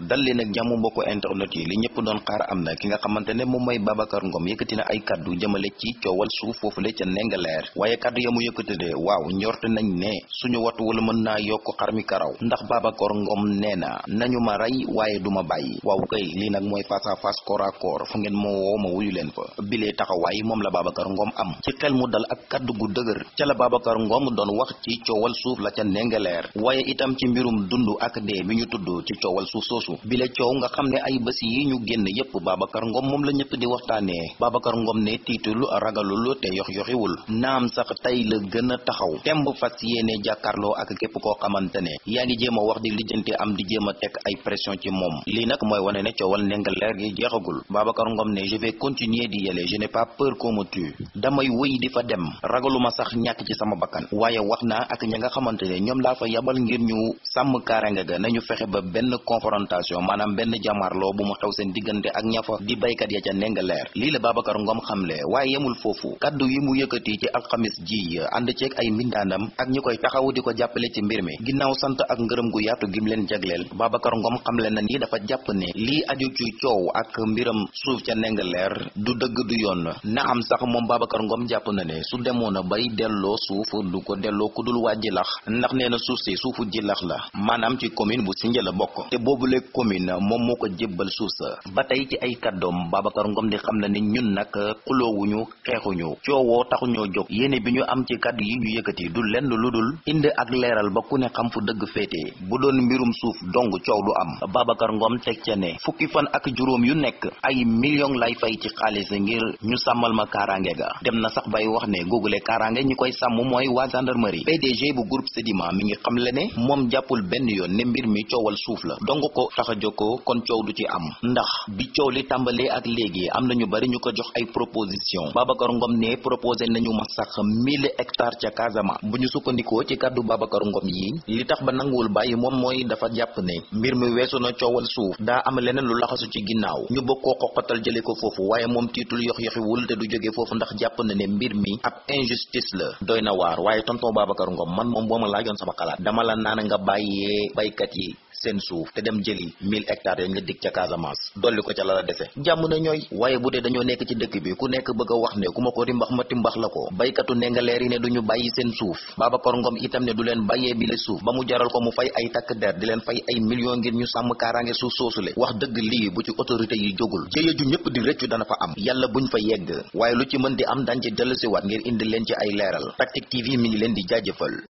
dal li nag jàmm mbokku internet yi li ñëpp doon xaar am na ki nga xamante ne moom mooy Babacar Ngom yëkkati na ay kaddu jëmale ci coowal suuf foofule ca Ndingler waaye kaddu ya mu waaw njort nañ ne suñu watuwul mën naa yokk xar mi karaw ndax Babacar Ngom nee na nañu ma rey waaye du ma bàyyi waaw kay lii nag mooy face à face ngeen ma ma wuyu leen fa bilee taxawaay moom la Babacar Ngom am ci xel dal ak kaddu gu dëgër ca la Babacar Ngom doon wax ci coowal suuf la ca Ndingler waaye itam ci mbirum dund ak dee bi ñu tudd ci coowal suuf ruusu bi la coow nga xam ne ay bés yi ñu génn yépp Babacar Ngom moom la ñëpp di waxtaanee Babacar Ngom ne tiitul ragalul te yox yoxiwul naam sax tey la gën a taxaw temb fas yéene jàkkaarloo ak képp koo xamante ne yaa ngi jéem a wax di lijjante am di jéem a teg ay pression ci moom lii nag mooy wane ne coowal nenga leer gi jeexagul Babacar Ngom ne je vais continuer di yele je n'ai pas peur qu'on me tue damay wëy di fa dem ragaluma sax ñàkk ci sama bakkan waaye wax naa ak ña nga xamante ne ñoom laa fa yabal ngir ñu sàmm kaaraange ga nañu fexe ba benn confrontation confrontation maanaam benn jàmmaarloo bu mu xew seen diggante ak ñafa di baykat ya ca Ndingler lii la Babacar Ngom xamle waaye yemul foofu kaddu yi mu yëkkati ci alxamis ji ànd ceeg ay mbindaanam ak ñu koy taxawu di ko jàppale ci mbir mi ginnaaw sant ak ngërëm gu yaatu gim leen jagleel Babacar Ngom xamle na ni dafa jàpp ne lii aju ci coow ak mbiram suuf ca Ndingler du dëgg du yoon na am sax moom Babacar ngoom jàpp na ne su demoon a bay delloo suuf du ko delloo ku dul waa Jilax ndax nee na suuf suufu Jilax la maanaam ci commune bu Sindia commune moom moo ko jébbal suuf sa ba tey ci ay kàddoom Babacar Ngom di xam na ni ñun nag xuloowuñu xeexuñu coowoo taxuñoo jog yéene bi ñu am ci kàddu yi ñu yëkkati du lenn lu dul indi ak leeral ba ku ne xam fu dëgg féete bu doon mbirum suuf dong coow du am Babacar Ngom teg ca ne fukki fan ak juróom yu nekk ay million lay fay ci xaalis ngir ñu sàmmal ma kaaraange ga dem na sax bay wax ne googule kaaraange ñi koy sàmm mooy waa gendarmerie PDG bu groupe Sedima mi ngi xam le ne moom jàppul benn yoon mbir mi coowal suuf la tax a jokkoo kon coow du ci am ndax bi coow li tàmbalee ak léegi am na ñu bari ñu ko jox ay proposition Babacar Ngom ne proposé nañu ma sax mille hectares ca Casamance bu ñu sukkandikoo ci kàddu Babacar Ngom yi li tax ba nanguwul bàyyi moom mooy dafa jàpp ne mbir mi weesu na coowal suuf daa am leneen lu laxasu ci ginnaaw ñu bokkoo koo xoqatal jële ko foofu waaye moom tiitul yox yoxiwul te du jóge foofu ndax jàpp na ne mbir mi ab injustice la doy na waar waaye tonton Babacar Ngom man moom ma laajoon sama xalaat dama la naan nga bàyyee baykat yi seen suuf te dem jëli mille hectares yooyu nga dig ca Casamance dolli ko ca la dese jàmm na ñooy waaye bu dee dañoo nekk ci dëkk bi ku nekk bëgg a wax ne ku ko rimbax ma timbax la ko baykatu ne nga leer yi ne duñu bàyyi seen suuf Babacar Ngom itam ne du leen bàyyee bi le suuf ba mu jaral ko mu fay ay takk der di leen fay ay million ngir ñu sàmm kaaraange suuf soosule wax dëgg lii bu ci autorité yi jógul jëye ju ñëpp di rëccu dana fa am yàlla buñ fa yegg waaye lu ci mën di am dañ ci dellusiwaat leen ci ay leeral ngi leen di jaajëfal